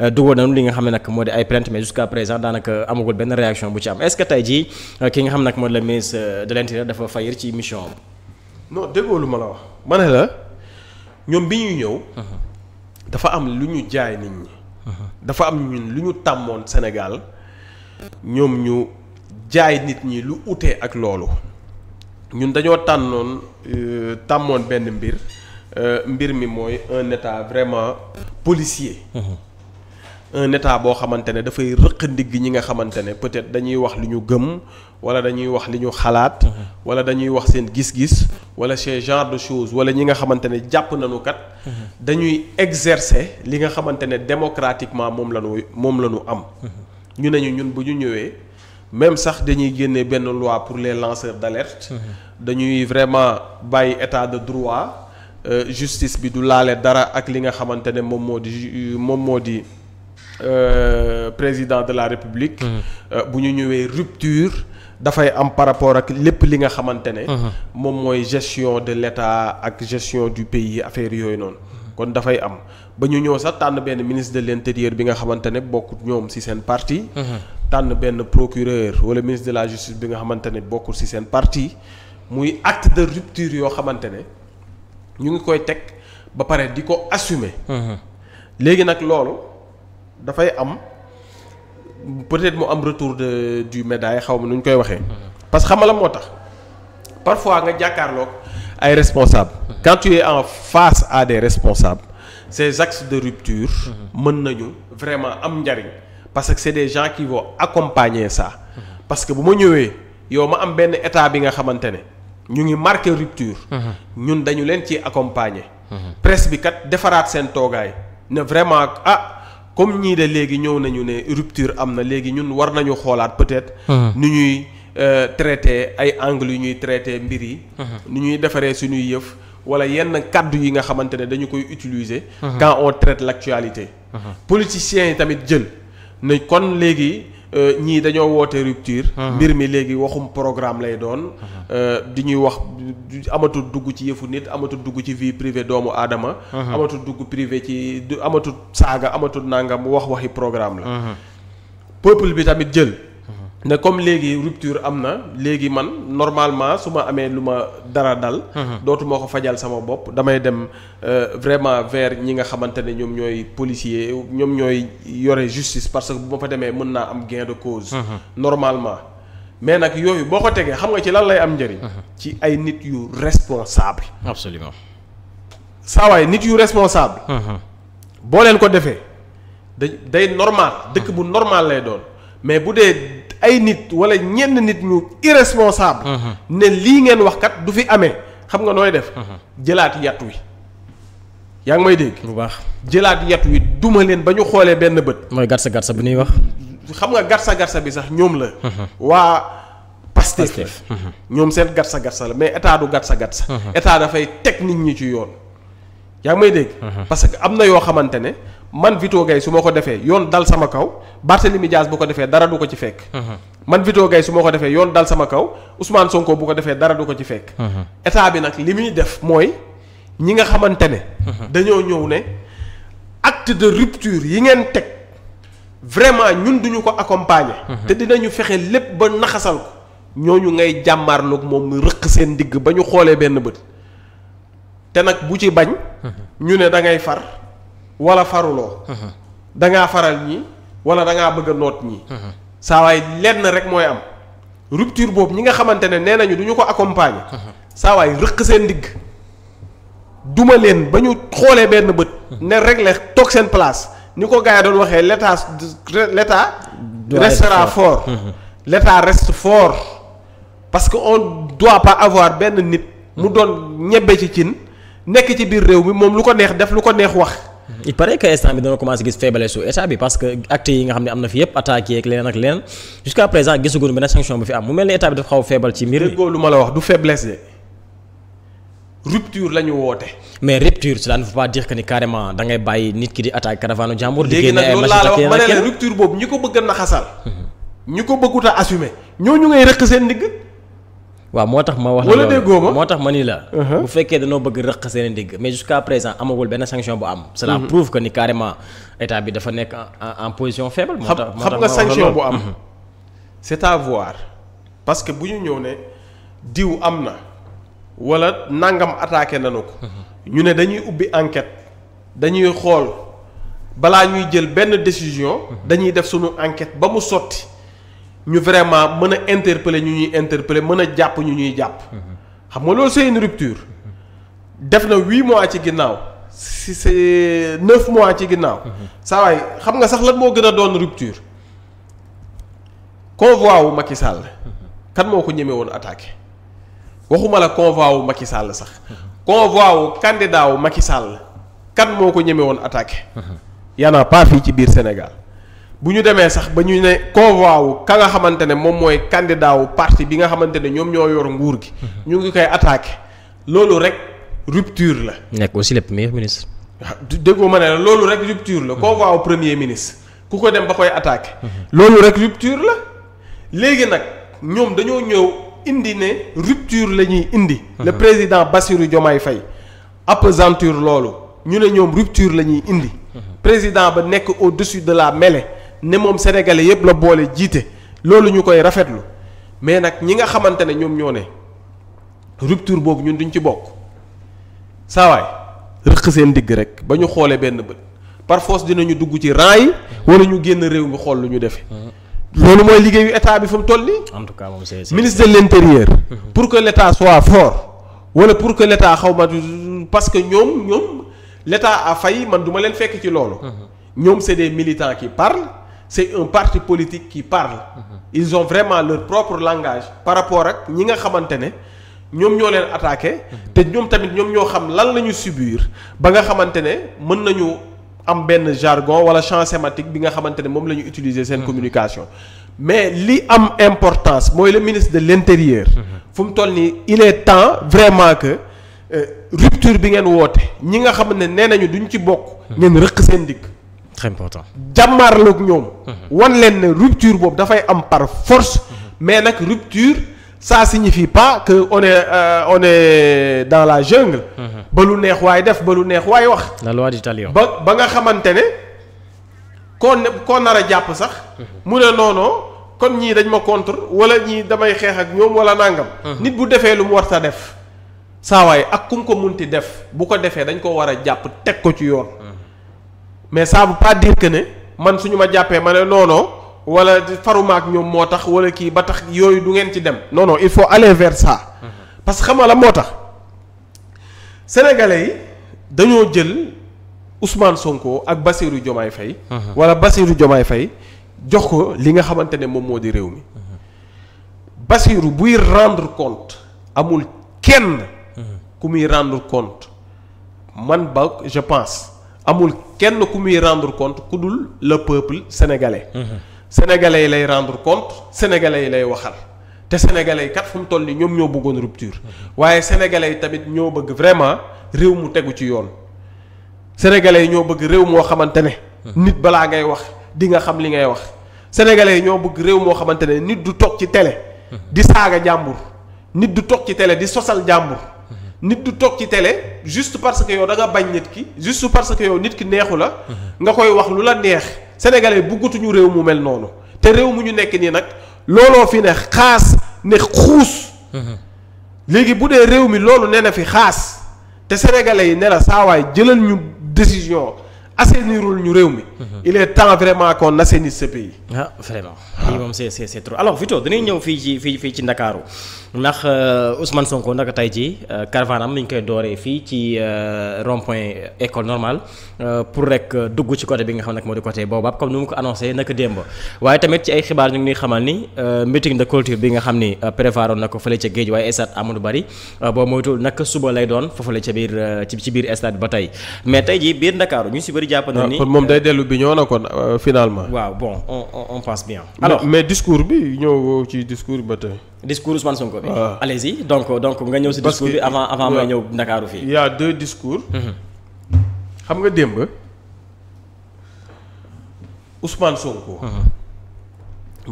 Euh, dugal nañu li nga xam ne nag moo di ay plainte mais jusqu'à présent daanaka amagul benn réaction bu ci am est-ce jii euh, ki nga xam nag moo di le ministre euh, de l'intérieur dafa fayir ci mission am. non déggoo lu ma la wax ma ne la ñoom bi ñuy yow mhm. dafa am lu ñu jaay nit ñi. Mhm. dafa am ñun lu ñu tàmmoon Sénégal ñoom ñu jaay nit ñi lu utee ak loolu ñun dañoo tànnoon tàmmoon benn mbir mbir mi mooy un état vraiment policier. Mhm. un état boo xamante ne dafay rëq ndigg ñi nga xamante ne peut-être dañuy wax li ñu gëm wala dañuy wax li ñu xalaat mhm. wala dañuy wax seen gis-gis wala ce genre de chose wala ñi nga xamante ne jàpp nañu kat mhm. dañuy exercer li nga xamante ne démocratiquement moom la ñu moom la ñu am mhm. ñu nañu ñun bu ñu ñëwee même sax dañuy génne benn loi pour les lanceurs d'alerte dañuy vraiment bàyyi état de droit euh, justice bi du laale dara ak li nga xamante ne moom moo di moom moo di Euh, président de la république. Mhm. Euh, bu ñu ñëwee rupture. dafay am par rapport ak lépp li nga xamante ne. Mhm. moom mooy gestion de l'État ak gestion du pays affaire yooyu noonu. Mhm. kon dafay am ba ñu ñëw sax tànn benn ministre de l'intérieur bi nga xamante ne bokkut ñoom ci seen parti. tànn benn procureur wala ministre de la justice bi nga xamante ne bokkut ci seen parti. muy acte de rupture yoo xamante ne ñu ngi koy teg ba pare di ko assumer. léegi nag loolu. dafay am peut-être mu am retour de du médaille xaw ma nu ñu koy waxee. Mm-hmm. parce que xamala moo tax parfois nga jàkkaarloog ay responsables. Mm-hmm. quand en face à des responsables ces axes de rupture. Mm-hmm. mën nañu vraiment am njariñ parce que c'est des gens qui vont accompagner ça. parce que bu ma ñëwee yow ma am benn état bi nga xamante ne ñu ngi marqué rupture. ñun dañu leen ci accompagner. presse bi kat defaraat seen toogaay ne vraiment ah. comme ñii de léegi ñëw nañu ne rupture am na léegi ñun war nañu xoolaat peut-être. nu ñuy euh, traité ay angle yu ñuy traité mbir yi. nu ñuy defaree suñuy yëf. wala yenn kàddu yi nga xamante ne dañu koy utiliser. quand on traite l'actualité. politiciens yi tamit jël ne kon léegi. Euh, ñii dañoo woote rupture. mbir mi léegi waxum programme lay doon. Euh, di ñuy wax amatul dugg ci yëfu nit amatul dugg ci vie privée doomu aadama. amatul dugg privé ci amatul saaga amatul nangam wax waxi programme la. peuple bi tamit jël. ne comme léegi rupture am na léegi man normalement su ma amee lu ma dara dal. Mhm. dootu moo ko fajal sama bopp damay dem euh, vraiment vers ñi nga xamante ne ñoom ñooy policier ñoom ñooy yore justice parce que bu ma fa demee mën naa am gain de cause. Mhm. normalement mais nag yooyu boo ko tegee xam nga ci lan lay am njëriñ. Mhm. ci ay nit yu responsable. absolument saawaay nit yu responsable. boo leen ko defee day day normal dëkk bu normal lay doon mais bu dee. ay nit walla ñenn nit ñu irresponsable uh-huh. ne lii ngeen wax kat du fi amee xam nga nooy def uh-huh. jëlaat yat wi yaa ngi may dégg bu baax jëlaat yat wi duma leen ba ñu xoolee benn bët mooy garsa garsa bi ñuy wax xam nga garsa garsa bi sax ñoom la uh-huh. waa Pastef ñoom seen garsa garsa la mais état du garsa garsa état dafay teg nit ñi ci yoon yaa ngi may dégg parce am na yoo xamante ne man Vito Gueye su ma ko defee yoon dal sama kaw Barthélemy Dias bu ko defee dara du ko ci fekk. Mhm. man Vito Gueye su ma ko defee yoon dal sama kaw Ousmane Sonko bu ko defee dara du ko ci fekk. Mhm. état bi nag li muy def mooy ñi nga xamante ne. Mhm. dañoo ñëw ne acte de rupture yi ngeen teg vraiment ñun duñu ko accompagner. te dinañu fexe lépp ba naxasal ko ñooñu ngay jàmmaarloog moom mu rëq seen digg ba ñu xoolee benn bët te nag bu ci bañ. ñu ne da ngay far. wala faruloo uh-huh. dangaa faral ñi wala dangaa bëgg noot ñi uh-huh. saa waay lenn rek mooy am rupture boobu ñi nga xamante ne nee nañu du ñu ko accompagner uh-huh. saa waay rëq seen ndigg duma leen ba ñu xoolee benn bët ne régler toog seen place ni ko gars yi doon waxee l'état l'état restera fort l'état reste fort parce que on doit pas avoir benn nit mu doon ñebbe ci cin nekk ci biir réew mi moom lu ko neex def lu ko neex wax il paraît que instant bi dana commencé gis faiblesse su état bi parce acte yi nga xam ne am na fi yëpp attaques yeeg leneen ak leneen jusqu'à présent gisaguñu benn sanction bu fi am mu mel ni état bi dafa xaw faible ci mbir mi. déggoo lu ma la wax du faiblesse de rupture la woote. mais rupture cela ne veut pas dire que ni carrément da ngay bàyyi nit ki di attaque caravane jàmbur. di génne ay nag loolu laa la wax ma ne rupture boobu ñi ko bëgg a naxasal. Mhm. ñi ko bëggut a assumer ñooñu ngay rëq waaw moo tax ma wax la déggoo moo tax ma ni la uh-huh. bu fekkee danoo bëgg rëq seen ndigg mais jusqu'à présent amagul benn sanction bu am cela uh-huh. prouve que ni carrément état bi dafa nekk en position faible moo xam nga sanction bu am uh-huh. c'est à voir parce que bu ñu ñëw ne diw am na walla nangam attaqué nañu ko ñu ne dañuy ubbi enquête dañuy xool balaa ñuy jël benn décision dañuy def sunu enquête ba mu sotti ñu vraiment mën a interpeller ñu ñuy interpeller mën a jàpp ñu ñuy jàpp. xam nga loolu c'est une def na huit mois ci ginnaaw si c'est neuf mois ci ginnaaw. saa xam nga sax lan moo gën a doon rupture. convoi wu Macky Sall. kan moo ko ñeme woon attaque waxuma la convoi wu Macky Sall sax. convoi wu candidat wu Macky Sall. kan moo ko ñeme woon attaque y en a ci biir Sénégal. bu ñu demee sax ba ñu ne convoi wu ka nga xamante ne moom mooy candidat wu parti bi nga xamante ne ñoom ñoo yor nguur gi. Mhm. ñu ngi koy attaqué loolu rek rupture la. nekk aussi le premier ministre. Ah, déggoo ma ne loolu rek rupture la. Mhm. convoi wu premier ministre ku ko dem ba koy attaqué. Mhm. loolu rek rupture la léegi nag ñoom dañoo ñëw indi ne rupture la ñuy indi. le président Bassirou Diomaye Faye apesanteur loolu ñu ne ñoom rupture la ñuy indi. président ba nekk au-dessus de la mêlée. ne moom sénégalais yëpp la boole jiite loolu ñu koy rafetlu mais nag ñi nga xamante ne ñoom ñoo ne rupture boobu ñun duñ ci bokk saawaay rëq seen digg rek ba ñu xoolee benn bët par force dinañu dugg ci rang yi wala ñu génn réew mi xool lu ñu defee. loolu mooy liggéeyu état bi fa mu toll nii. en tout cas moom c'est ministre de l'intérieur. pour que l'état soit fort. wala pour que l'état xaw ma parce que ñoom ñoom l'état a failli man duma leen fekk ci loolu. Mhm. ñoom c'est des militants qui parlent. c'est un parti politique qui parle. Mhm. ils ont vraiment leur propre langage. par rapport ak ñi nga xamante ne ñoom ñoo leen attaqué. Mhm. te ñoom tamit ñoom ñoo xam lan la ñu subir ba nga xamante ne mën nañu am benn jargon wala champ sématique bi nga xamante ne moom la ñu utiliser seen mhm. communication. mais li am importance mooy le ministre de l'intérieur. fu mu toll nii il est temps vraiment que euh, rupture bi ngeen woote ñi nga xam ne nee nañu duñ ci bokk. ngeen rëq seen dikk. très important jàmmaarloog ñoom. Mhm. wan leen ne rupture boobu dafay am par mhm. mais nag rupture saa signifie pas que on est euh, on dans la jungle. Mhm. ba lu neex waay def ba lu neex waay wax. la loi ba ba nga xamante ne koo koo nar a jàpp sax. mu ne noonoo kon ñii dañ ma contre wala ñii damay xeex ak ñoom wala nàngam nit bu defee lu mu war sa def. saa waay ak kum ko munti def bu ko defee dañ ko war a jàpp teg ko ci yoon. mais ça veut pas que ne man suñu ma jàppee ma ne non non wala faruma ñoom moo tax wala kii ba tax yooyu du ngeen ci dem. noonoo il faut aller vers ça. Mm-hmm. parce que xam moo tax sénégalais yi dañoo jël Ousmane Sonko ak Bassirou Diomaye fay mm-hmm. wala Bassirou Diomaye fay jox ko li nga xamante ne moom moo di réew mi. Mm-hmm. Bassirou buy rendre compte amul kenn. ku muy rendre compte man ba je pense. amul kenn ku muy rendre compte ku dul le peuple sénégalais. sénégalais yi lay rendre compte sénégalais yi lay waxal te sénégalais yi kat fu mu toll nii ñoom ñoo bëggoon rupture waaye sénégalais yi tamit ñoo bëgg vraiment réew mu tegu ci yoon sénégalais yi ñoo bëgg réew moo xamante ne. nit balaa ngay wax di nga xam li ngay wax sénégalais yi ñoo bëgg réew moo xamante ne nit du toog ci télé. di saaga jàmbur nit du toog ci télé di sosal jàmbur. nit du toog ci télé juste parce que yow da nga bañ nit ki juste parce que yow nit ki neexu la. nga koy wax lu la neex. sénégalais bëggatuñu réew mu mel noonu te réew mu ñu nekk nii nag looloo fi ne xaas ne xuus. léegi bu dee réew mi loolu nee na fi xaas te sénégalais yi ne la saawaay jëlal ñu décision assainirul ñu réew mi. Mhm. il est temps vraiment qu'on assainisse ce pays. ah vraiment. lii moom c'est c'est trop alors Vito dinañ ñëw fii ci fii fii ci Ndakaaru. ndax euh, Ousmane Sonko naka tey jii euh, caravane am mi koy dooree fii ci euh, rond point école normale pour rek dugg ci côté bi nga xam ne moo di côté Baobab comme ni naka démb waaye tamit ci ay xibaar ñu ngi xamal ni meeting de culture bi nga xam ni prévoir na ko fële ca géej waaye stade Amadou Barry boo moytuwul naka suba lay doon foofule ca biir ci biir stade ba tey mais tey jii biir Ndakaaru ñu si bëri jàpp na ni ah, moom day dellu bi ñoo na kon finalement. waaw bon on on on passe bien. mais discours bi ñëw ci discours ba tey. discours Ousmane Sonko bi. waaw ah. donc donc nga ñëw si. discours bi avant avant may ñëw Ndakaaru fii. yaa a deux discours. Mhm. xam nga démb Ousmane Sonko. Mhm.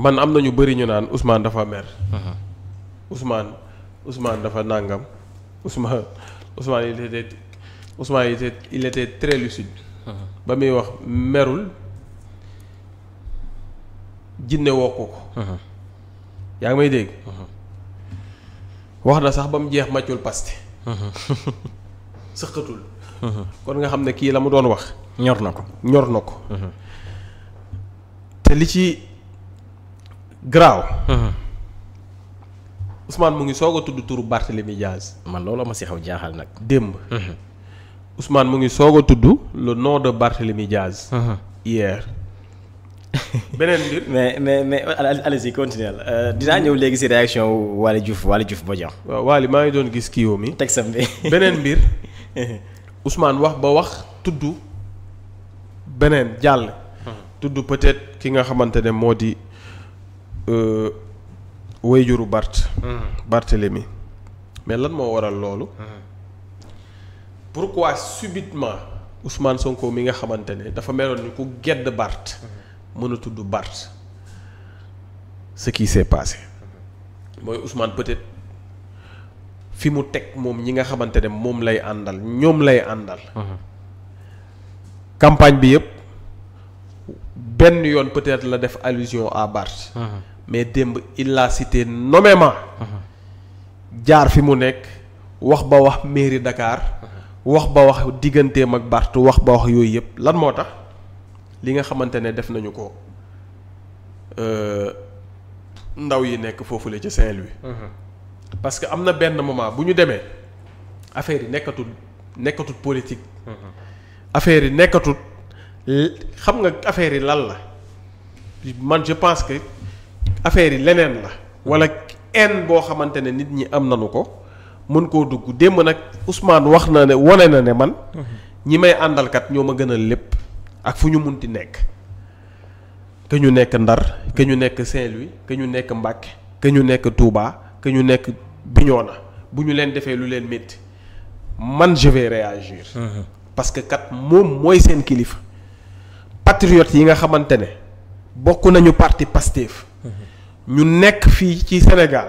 man am na ñu bëri ñu naan Ousmane dafa mer. Mhm. Ousmane Ousmane dafa nàngam Ousmane Ousmane il était Ousmane il lucide. ba muy wax merul jinne wokku ko. yaa ngi may dégg. wax na sax ba mu jeex màccul paste. sëqatul. kon nga xam ne kii la mu doon wax. ñor na ko ñor na ko. Mhm. te li ci graaw mhm. Ousmane mu ngi soog a tudd turu Barthélemy Diaz. man loolu ma si xaw jaaxal nag. démb. Mhm. Ousmane mu ngi soog a tudd le nom de Barthélemy Diaz. hier. beneen mbir mais mais mais allez-y continuez euh, dinaa ñëw léegi si réaction Waly Diouf Waly Diouf Bodian. waaw Waly maa ngi doon gis kii mi. teg sam beneen mbir Ousmane wax ba wax tudd beneen jàll. tudd peut-être ki nga xamante ne moo di euh, wéyjuru Bart. Mm-hmm. Barthélemy mais lan moo waral loolu. Mm-hmm. pourquoi subitement Ousmane Sonko mi nga xamante ne dafa meloon ni ku gedd Bart. Mm-hmm. mën a tudd Barth ce qui s'est passé mooy Ousmane peut-être fi mu teg moom ñi nga xamante ne moom lay àndal ñoom lay àndal. Mhm. campagne bi yëpp benn yoon peut-être la def allusion à Barth. Mhm. mais démb il l'a cité nommément. Mhm. jaar fi mu nekk wax ba wax mairie Dakar. wax ba wax digganteem ak Barth wax ba wax yooyu yëpp lan moo tax. li nga xamante ne def nañu ko euh, ndaw yi nekk foofu foofule ci Saint-Louis. Mhm. parce que am na benn moment bu ñu demee affaire nekkatul nekkatul politique. Mhm. affaire yi nekkatul xam nga affaire yi lan la man je pense que affaire yi leneen la. wala en boo xamante ne nit ñi am nañu ko mën koo dugg démb nag Ousmane wax na ne wone na ne man. Mhm. ñi may àndalkat ñoo ma gënal lépp. ak fu ñu munti nekk que ñu nekk Ndar que ñu nekk Saint-Louis que ñu nekk Mbacké que ñu nekk Touba que ñu nekk Bignona bu ñu leen defee lu leen métti man je réagir mm-hmm. parce que kat moom mooy seen kilifa patriotes yi nga xamante ne bokk nañu parti Pastef mm-hmm. ñu nekk fii ci Sénégal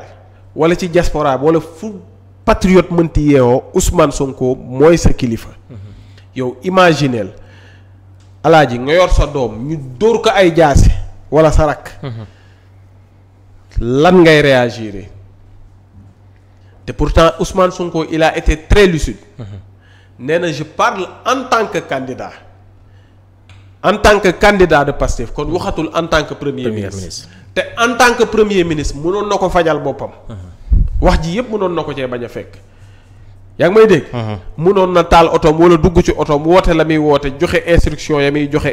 wala ci diaspora wala fu patriote mënti yeewoo Ousmane Sonko mooy sa kilifa mm-hmm. yow imagineel alaaji nga yor sa doom ñu dóor ko ay jaasi wala sa rakk lan ngay réagir te pourtant Ousmane Sonko il a été très lucide nee na je parle en tant que candidat en tant que candidat de Pastef kon waxatul en tant que premier, premier ministre. te en tant que premier ministre mënoon na ko fajal boppam wax ji yépp mënoon na ko cee bañ a fekk yaa ngi may dégg. Uh-huh. mënoon na taal otoom wala dugg ci otoom woote la muy woote joxe instruction ya muy joxe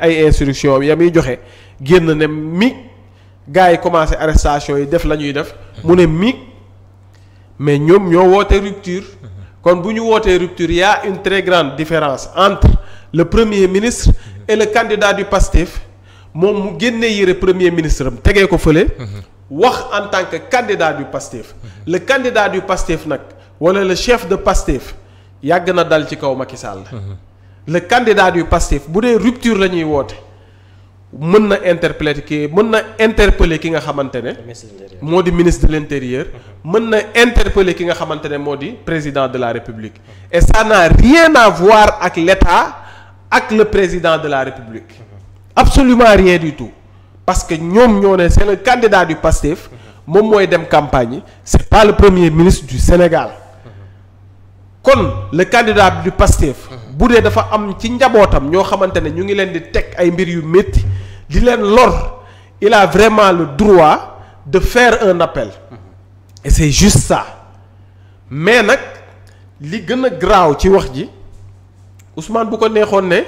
ay instruction ya muy joxe génn ne mi gars yi commencé arrestation yi def la ñuy def. mu ne mi mais ñoom ñoo woote rupture. Uh-huh. kon bu ñu wootee rupture y a une très grande différence entre le premier ministre uh-huh. et le candidat du PASTEF moom mu génnee yére premier ministre am tegee ko fële. wax en tant que candidat du PASTEF. le candidat du PASTEF nag. wala le chef de Pastef yàgg na dal ci kaw Macky Sall. le candidat du Pastef bu dee rupture la ñuy woote mën na interpeller ki mën na interpeller ki nga xamante ne. moo di ministre de l'intérieur. mën na interpeller ki nga xamante ne moo di président de la république. et ça n'a rien à ak l'État ak le président de la république. absolument rien du tout parce que ñoom ñoo ne c'est le candidat du Pastef moom mooy dem campagne yi c'est le premier ministre du Sénégal. kon le candidat du PASTEF. Mhm. bu dee dafa am ci njabootam ñoo xamante ne ñu ngi leen di teg ay mbir yu métti di leen lor il a vraiment le droit de faire un appel. Mhm. et c'est juste ça mais nag li gën a graaw ci wax ji Ousmane bu ko neexoon ne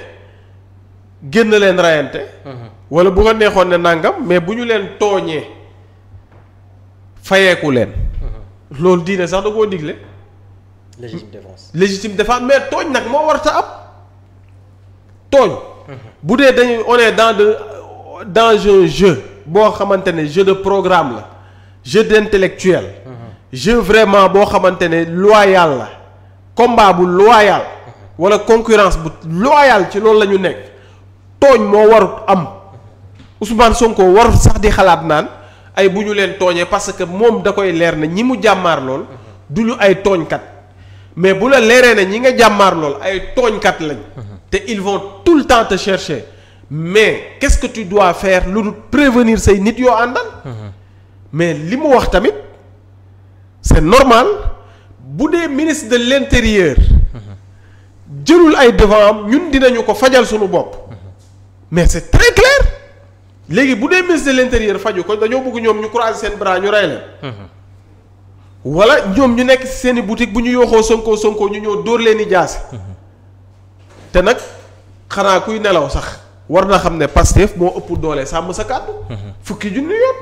génn leen reyante mhm. wala bu ko neexoon ne nangam mais bu ñu leen tooñee fayeeku leen. loolu diine sax da koo digle. légitime défense légitime défense mais tooñ nag moo war warta am tooñ. bu dee dañuy on dans de dans un jeu boo xamante ne jeu de programme la jeu d'intellectuel. jeu vraiment boo xamante ne loyal la combat bu loyal. wala concurrence bu loyal ci loolu la ñu nekk tooñ moo warut am Ousmane Sonko warut sax di xalaat naan ay bu ñu leen tooñee parce que moom da koy leer na ñi mu jàmmaar lool du ñu ay tooñkat. mais bu la leeree ne ñi nga jàmmaar lool ay tooñkat lañ. te il vont tout le temps te chercher mais qu'est-ce que tu dois faire lu dul prévenir say nit yoo àndal. mais li mu wax tamit c'est normal bu dee ministre de l'intérieur. jëlul ay devant am ñun dinañu ko fajal suñu bopp. mais c'est très clair léegi bu dee ministre de l'intérieur faju ko dañoo bëgg ñoom ñu croiser seen bras ñu rey leen. wala ñoom ñu nekk ci seen i bu ñu yooxoo sonkoo sonkoo ñu ñëw dóor leen i te nag xanaa kuy nelaw sax war na xam ne Pastef moo ëpp doole sàmm sa kàddu fukki junni yoon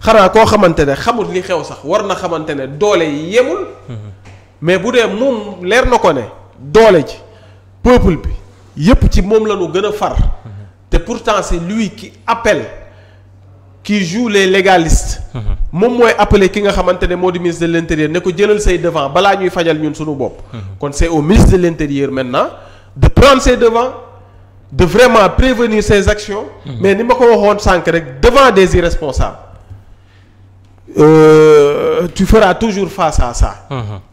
xanaa koo xamante ne xamul li xew sax war na xamante ne doole yi yemul mais bu dee moom leer na ko ne doole ji peuple bi yépp ci moom la gën a far te pourtant c'est lui qui appelle qui joue les légalistes. moom mooy appelé ki nga xamante ne moo di ministre de l' ne ko jëlal say devant balaa ñuy fajal ñun suñu bopp. kon c' au ministre de l' intérieur maintenant de prendre ses devants de vraiment prévenir ses actions. mais ni ma ko waxoon sànq rek devant des irresponsables euh, tu feras toujours fa à ça.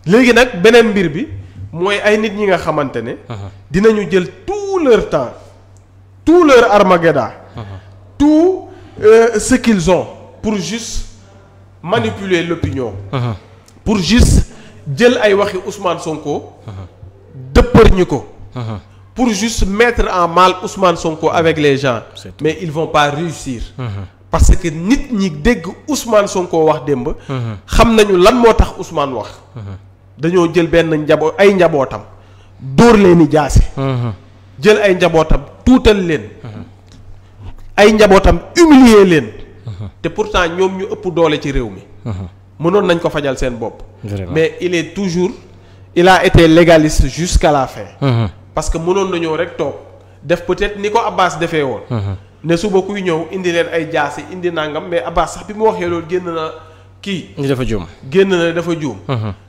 léegi nag beneen mbir bi mooy ay nit ñi nga xamante ne. ñu jël tout leur temps tout leur armageddon. euh, ce qu'ils pour juste manipuler l'opinion uh -huh. pour juste jël ay waxi Ousmane Sonko dëppër ñu ko pour juste mettre en mal usmaan Sonko avec les gens mais il vont pas réussir parce que nit ñi dégg Ousmane sonkoo wax démb xam nañu lan moo tax Ousmane wax dañoo jël benn njabo ay njabootam dóor leen i jaase jël ay njabootam tuutal leen ay njabootam humilier leen. Uh-huh. te pourtant ñoom ñu ëpp doole ci réew mi. Uh-huh. mënoon nañ ko fajal seen bopp. mais il est toujours il a été légaliste jusqu'à la fin. Uh-huh. parce que mënoon na ñëw rek toog def peut-être ni ko Abbas defee woon. ne suba kuy ñëw indi leen ay jaasi indi nangam mais Abbas sax bi mu waxee loolu génn na kii. ni dafa juum génn na dafa juum.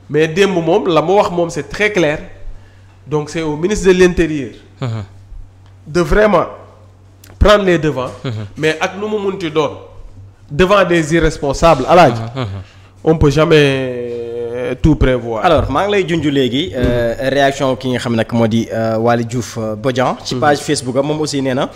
mais démb moom la mu wax moom c'est très donc c'est au ministre de l'intérieur. de vraiment. prendre les devants. Mhm. mais ak nu mu munti doon devant des irresponsables alaaji mhm, mhm. on peut jamais euh, tout prévoir. alors maa ngi lay junj léegi euh, réaction ki nga xam nag moo di euh, Waly Diouf Bodian. ci page Facebook am moom aussi nee na.